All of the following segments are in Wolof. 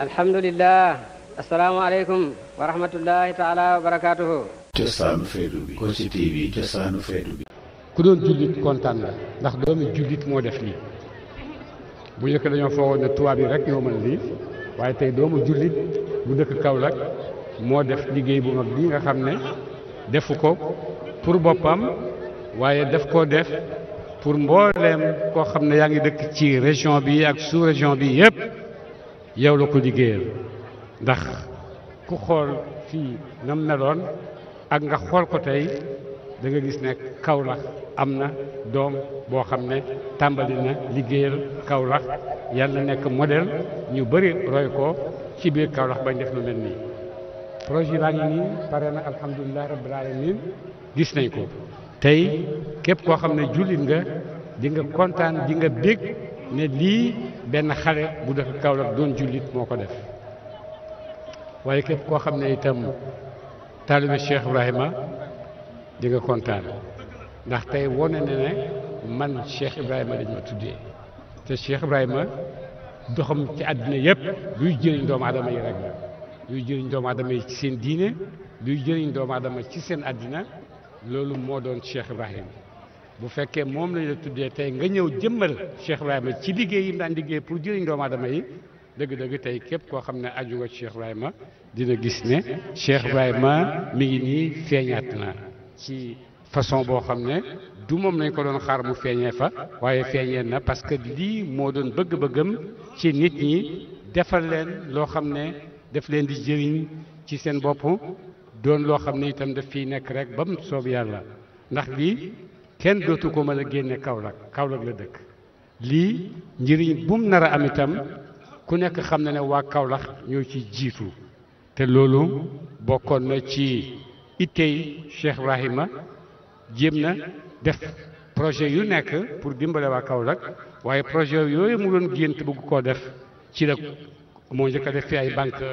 الحمد لله السلام عليكم ورحمة الله تعالى وبركاته جسانو فيدو بي تي بي جسانو فيدو بي كدون جوليت كونتان لا داخ دومي جوليت مو داف لي بو نيك دانيو فوو ن توا بي ريك يومن لي واي تاي دومو جوليت بو نيك كاولاك مو داف ليغي بو ماك ديغا خامني دافوكو بور بوبام واي yow la ko liggéeyal ndax ku xool fii nam meloon ak nga xool ko tey da nga gis ne Kaolack am na doom boo xam ne tàmbali na liggéeyal Kaolack yàlla nekk modèle ñu bëri roy ko ci biir Kaolack bañ def lu mel nii projet baa ngi nii pare na alhamdulilah rabbil alamin gis nañ ko tey képp koo xam ne jullit nga di nga kontaan di nga bég ne lii benn xale bu dëkk Kaolack doon jullit moo ko def waaye képp koo xam ne itam taalibe Cheikh Ibrahima di nga kontaan ndax tey wone ne ne man Cheikh Ibrahima dañ ma tuddee te Cheikh Ibrahima doxam ci àddina yëpp luy jëriñ doomu aadama yi rek luy jëriñ doomu aadama yi ci seen diine luy jëriñ doomu aadama ci seen àddina loolu moo doon Cheikh Ibrahima bu fekkee moom lañ la tuddee tey nga ñëw jëmbal jëmmal Cheikh Ibrahima ci liggéey yi mu daan liggéey pour jëriñ doomu aadama yi dëgg-dëgg tey képp koo xam ne aju nga Cheikh Ibrahima dina gis ne Cheikh Ibrahima mi ngi nii feeñaat na ci façon boo xam ne du moom lañ ko doon xaar mu feeñee fa waaye feeñee na parce que lii moo doon bëgg-bëggam ci nit ñi defal leen loo xam ne def leen di jëriñ ci seen bopp doon loo xam ne itam daf fiy nekk rek ba mu soob yàlla ndax kenn dootu ko mën a génne Kaolack Kaolack la dëkk lii njëriñ bum nar a am itam ku nekk xam na ne waa Kaolack ñoo ci jiitu te loolu bokkoon na ci ittey Cheikh Ibrahima jéem na def projet yu nekk pour dimbale waa Kaolack waaye projet yooyu mu doon gént bëgg koo def ci la moo njëkk a def fi ay banque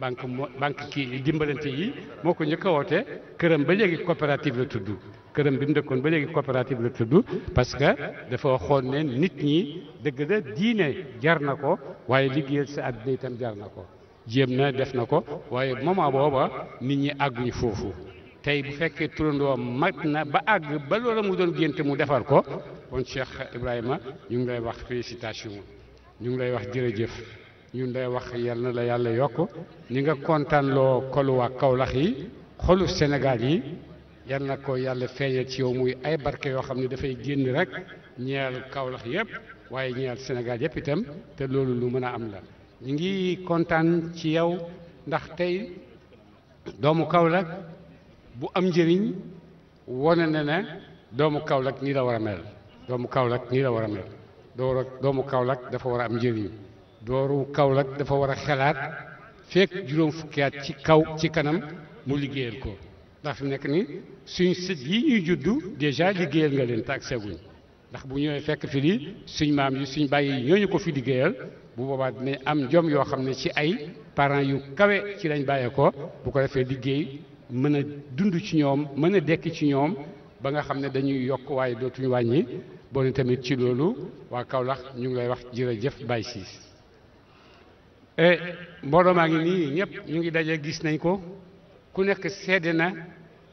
banque banque kii dimbalante yi moo ko njëkk a woote këram ba léegi coopérative la tudd kërëm bi mu dëkkoon ba léegi coopérative la tudd parce que dafa waxoon ne nit ñi dëgg da diine jar na ko waaye liggéeyal sa àddina itam jar na ko jéem na def na ko waaye moment booba nit ñi àgguñu foofu tey bu fekkee turandoo mat na ba àgg ba loola mu doon gént mu defar ko kon Cheikh Ibrahima ñu ngi lay wax félicitation ñu ngi lay wax jërëjëf ñu ngi lay wax yal na la yàlla yokk ni nga kontaanloo xolu waa Kaolack yi xolu Sénégal yi yal na ko yàlla feeñal ci yow muy ay barke yoo xam ne dafay génn rek ñeel Kaolack yëpp waaye ñeel senegal yëpp itam te loolu lu mën a am la ñu ngi kontaan ci yow ndax tey doomu Kaolack bu am njëriñ wane na ne doomu Kaolack nii la war a mel doomu Kaolack nii la war a mel dooru doomu Kaolack dafa war a am njëriñ dooru Kaolack dafa war a xalaat fekk juróom fukki kaw ci kanam mu liggéeyal ko ndax fi mu nekk nii suñ sët yi ñuy juddu dèjà liggéeyal nga leen te ak ndax bu ñëwee fekk fi suñ maam yi suñ bàyyi yi ñooñu ko fi liggéeyal bu boobaat dinañ am jom yoo xam ne ci ay parent yu kawe ci lañ bàyyee ko bu ko defee liggéey mën a dund ci ñoom mën a dekk ci ñoom ba nga xam ne dañuy yokk waaye dootuñu wàññi boo ne tamit ci loolu waa Kaolack ñu ngi lay wax jërëjëf Baye Ciss eh, mbooloo maa ngi nii ñëpp ñu ngi daje gis nañ ko ku nek sédena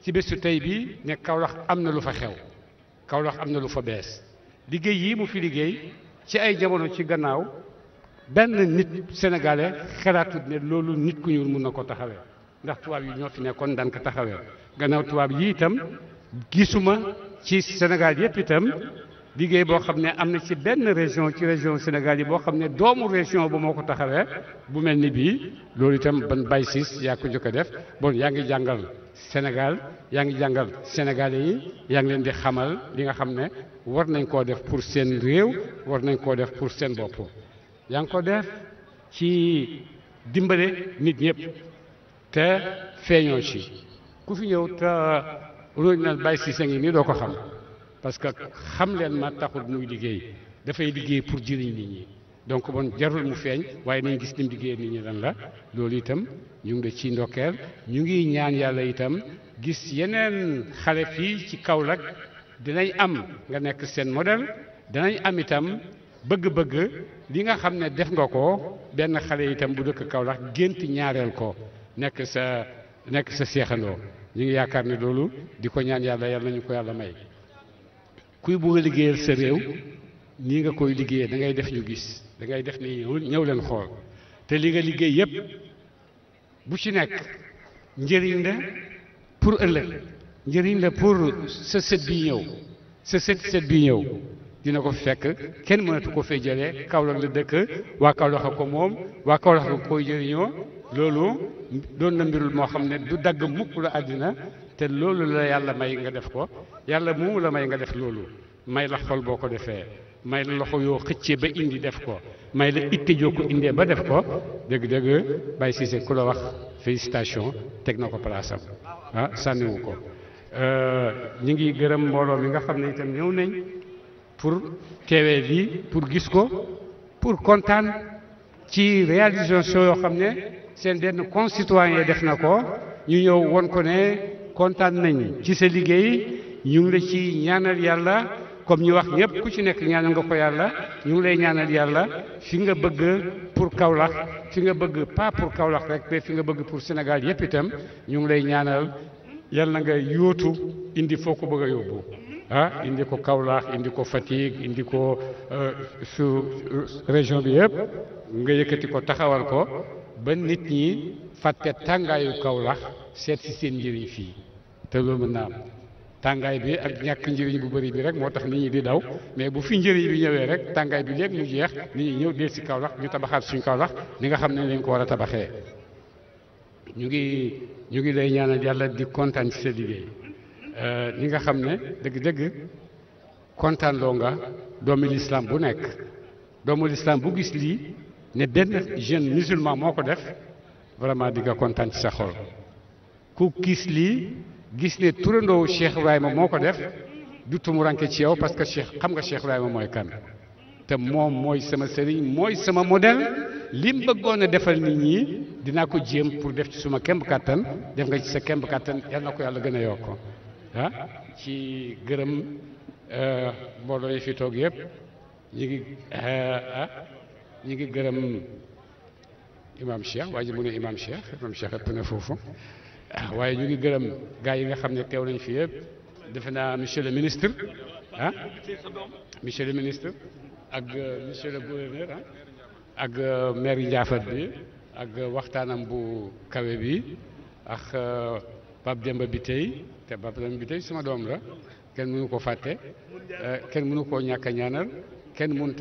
ci bésu tay bi ne kawlax amna lu fa xew kawlax amna lu fa bees liggéey yi mu fi liggéey ci ay jamono ci gannaaw ben nit sénégalais xalaatut ne loolu nit ku ñuul mun na ko taxawee ndax tubaab yi ñoo fi nekkoon dan ko taxawé gannaaw tubaab yi itam gisuma ci Sénégal yëpp itam liggéey boo xam ne am na ci benn région ci région Sénégal yi boo xam ne doomu région ba moo ko taxawee bu mel ni bii loolu itam ban bay siis yaa ko njëkk a def bon yaa ngi jàngal Sénégal yaa ngi jàngal Sénégalais yi yaa ngi leen di xamal li nga xam ne war nañ koo def pour seen réew war nañ koo def pour seen bopp yaa ngi ko def ci dimbale nit ñëpp te feeñoo ci ku fi ñëw te roñ na bay siis a ngi nii doo ko xam parce que xam leen ma taxul muy liggéey dafay liggéey pour jëriñ nit ñi donc bon jarul mu feeñ waaye nañ gis nim liggéey nit ñi lan la loolu itam ñu ngi la ci ndokkeel ñu ngi ñaan yàlla itam gis yeneen xale fii ci Kaolack dinañ am nga nekk seen model danañ am itam bëgg-bëgg li nga xam ne def nga ko benn xale yi itam bu dëkk Kaolack gént ñaareel ko nekk sa nekk sa seexandoo ñu ngi yaakaar ne loolu di ko ñaan yàlla yàlla nañu ko yàlla may kuy bëgg a liggéeyal sa réew nii nga koy liggéeyee da ngay def ñu gis da ngay def ni ñëw leen xool te li nga liggéey yépp bu ci nekk njëriñ la pour ëllëg njëriñ la pour sa sët bi ñëw sa sët sët bi ñëw dina ko fekk kenn mënatu ko fay jëlee Kaolack la dëkk waa Kaolack a ko moom waa Kaolack a koy jëriñoo loolu doon na mbirul moo xam ne du dagg mukk la àddina te loolu la yàlla may nga def ko yàlla moomu la may nga def loolu may la xol boo ko defee may la loxo yoo xëccee ba indi def ko may la itte joo ko indee ba def ko dëgg-dëgg Baye Cissé ku la wax félicitation teg na ko palaasam ah sànniwu ko euh, ñu ngi gërëm mbooloo mi nga xam ne itam ñëw nañ pour teewee bi pour gis ko pour kontaan ci réalisation yoo xam ne seen benn concitoyen def na ko ñu ñëw won ko ne kontaan nañ ci sa liggéey ñu ngi la ci ñaanal yàlla comme ñu wax ñëpp ku ci nekk ñaanal nga ko yàlla ñu ngi lay ñaanal yàlla fi nga bëgg pour Kaolack fi nga bëgg pas pour Kaolack rek mais fi nga bëgg pour Sénégal yëpp itam ñu ngi lay ñaanal yàlla na nga yóotu indi foo ko bëgg a yóbbu ah indi ko Kaolack indi ko Fatick indi ko euh, su euh, région bi yëpp nga yëkkati ko taxawal ko ba nit ñi fàtte tàngaayu Kaolack seet si seen njëriñ fii te loolu mën naa am tàngaay bi ak ñàkk njëriñ bu bëri bi rek moo tax nit ñi di daw mais bu fi njëriñ bi ñëwee rek tàngaay bi léegi mu jeex nit ñi ñëw deel si Kaolack ñu tabaxaat suñ Kaolack li nga xam ne lañ ko war a tabaxee ñu ngi ñu ngi lay ñaanal yàlla di kontaan ci sa liggéey euh, ni nga xam ne dëgg-dëgg kontaan loo nga doomi lislaam bu nekk doomu lislaam bu gis lii ne benn jeune musulman moo ko def vraiment di nga kontaan ci sa xol ku gis lii gis ne turandoowu Cheikh Ibrahima moo ko def du tumuranke ci yow parce que Cheikh xam nga Cheikh Ibrahima mooy kan te moom mooy sama sëriñ mooy sama modèle li mu bëggoon defal nit ñi dinaa ko jéem pour def ci suma kemb kàttan def nga ci sa kemb kàttan yal na ko yàlla gën a yokk ah ci gërëm euh, mbooloo yi fi toog yëpp ñu ngi euh, ah ñu ngi gërëm imam Cheikh waa ji mu ne imam Cheikh imam Cheikh ëpp na foofu Ah, waaye ñu ngi gërëm gaa yi nga xam ne teew nañ fi yëpp defe naa monsieur le ministre ah le ministre ak euh, monsieur le gouverneur ah ak euh, maire Ndiaffate bi ak euh, waxtaanam bu kawe bi ak Pape Demba bi tey te Pape Demba bi tey suma doom la kenn mënu ko fàtte kenn mënu koo ñàkk a ñaanal kenn mënut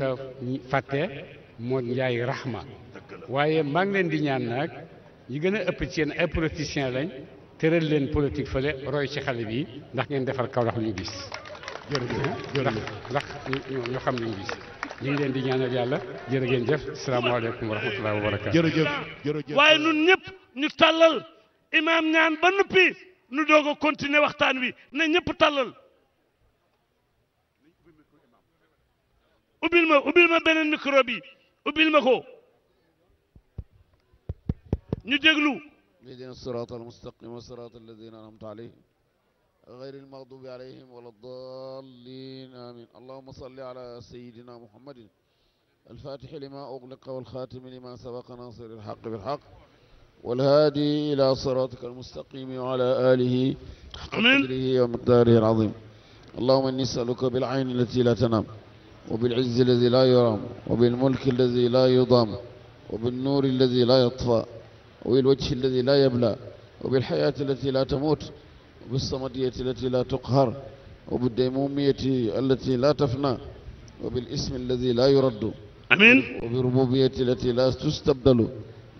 fàtte moo Ndiaye Rahma waaye maa ngi leen di ñaan nag. yi gën a ëpp ci yéen ay politiciens lañ tëral leen politique fële roy ci xale bi ndax ngeen defar kaw ndax lu ñu gis. jërëjëf ndax ndax ñu xam lu ñu ñu ngi leen di ñaanal yàlla jërë ngeen jëf salaamaaleykum wa rahmatulah wa barakaatu. jërëjëf jërëjëf waaye ñun ñëpp ñu tàllal imaam ñaan ba nuppi ñu doog a waxtaan wi ne ñëpp tàllal. ubbil ma ubbil ma beneen micro bi ubbil ma ko. ñu déglu اهدنا الصراط المستقيم وصراط الذين أنعمت عليهم غير المغضوب عليهم ولا الضالين آمين اللهم صل على سيدنا محمد الفاتح لما أغلق والخاتم لما سبق ناصر الحق بالحق والهادي إلى صراطك المستقيم وعلى آله حق قدره ومقداره العظيم اللهم إني أسألك بالعين التي لا تنام وبالعز الذي لا يرام وبالملك الذي لا يضام وبالنور الذي لا يطفأ وبالوجه الذي لا يبلى وبالحياة التي لا تموت وبالصمدية التي لا تقهر وبالديمومية التي لا تفنى وبالاسم الذي لا يرد أمين وبالربوبية التي لا تستبدل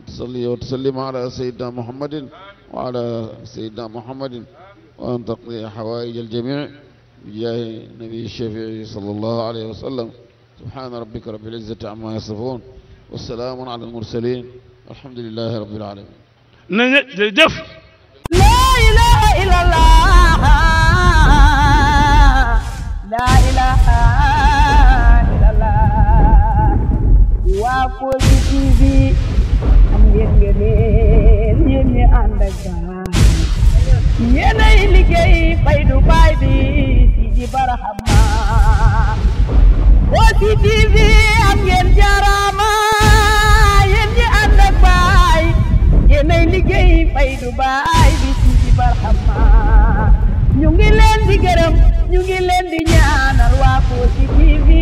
تصلي وتسلم على سيدنا محمد وعلى سيدنا محمد وأن تقضي حوائج الجميع بجاه النبي الشفيع صلى الله عليه وسلم سبحان ربك رب العزة عما يصفون والسلام على المرسلين alhamdulilah rabbil alamin na nga jëf laa ilaha illallah laa ilaha illallah waa Kossy TV am ngeen ngeen yéen ñi ànd ak baax yéenay liggéey faydu baay bi si di barahama Kossy TV am ngeen jaara baay bi Sidi Barhama ñu ngi gërëm ñu ngi leen di ñaanal waa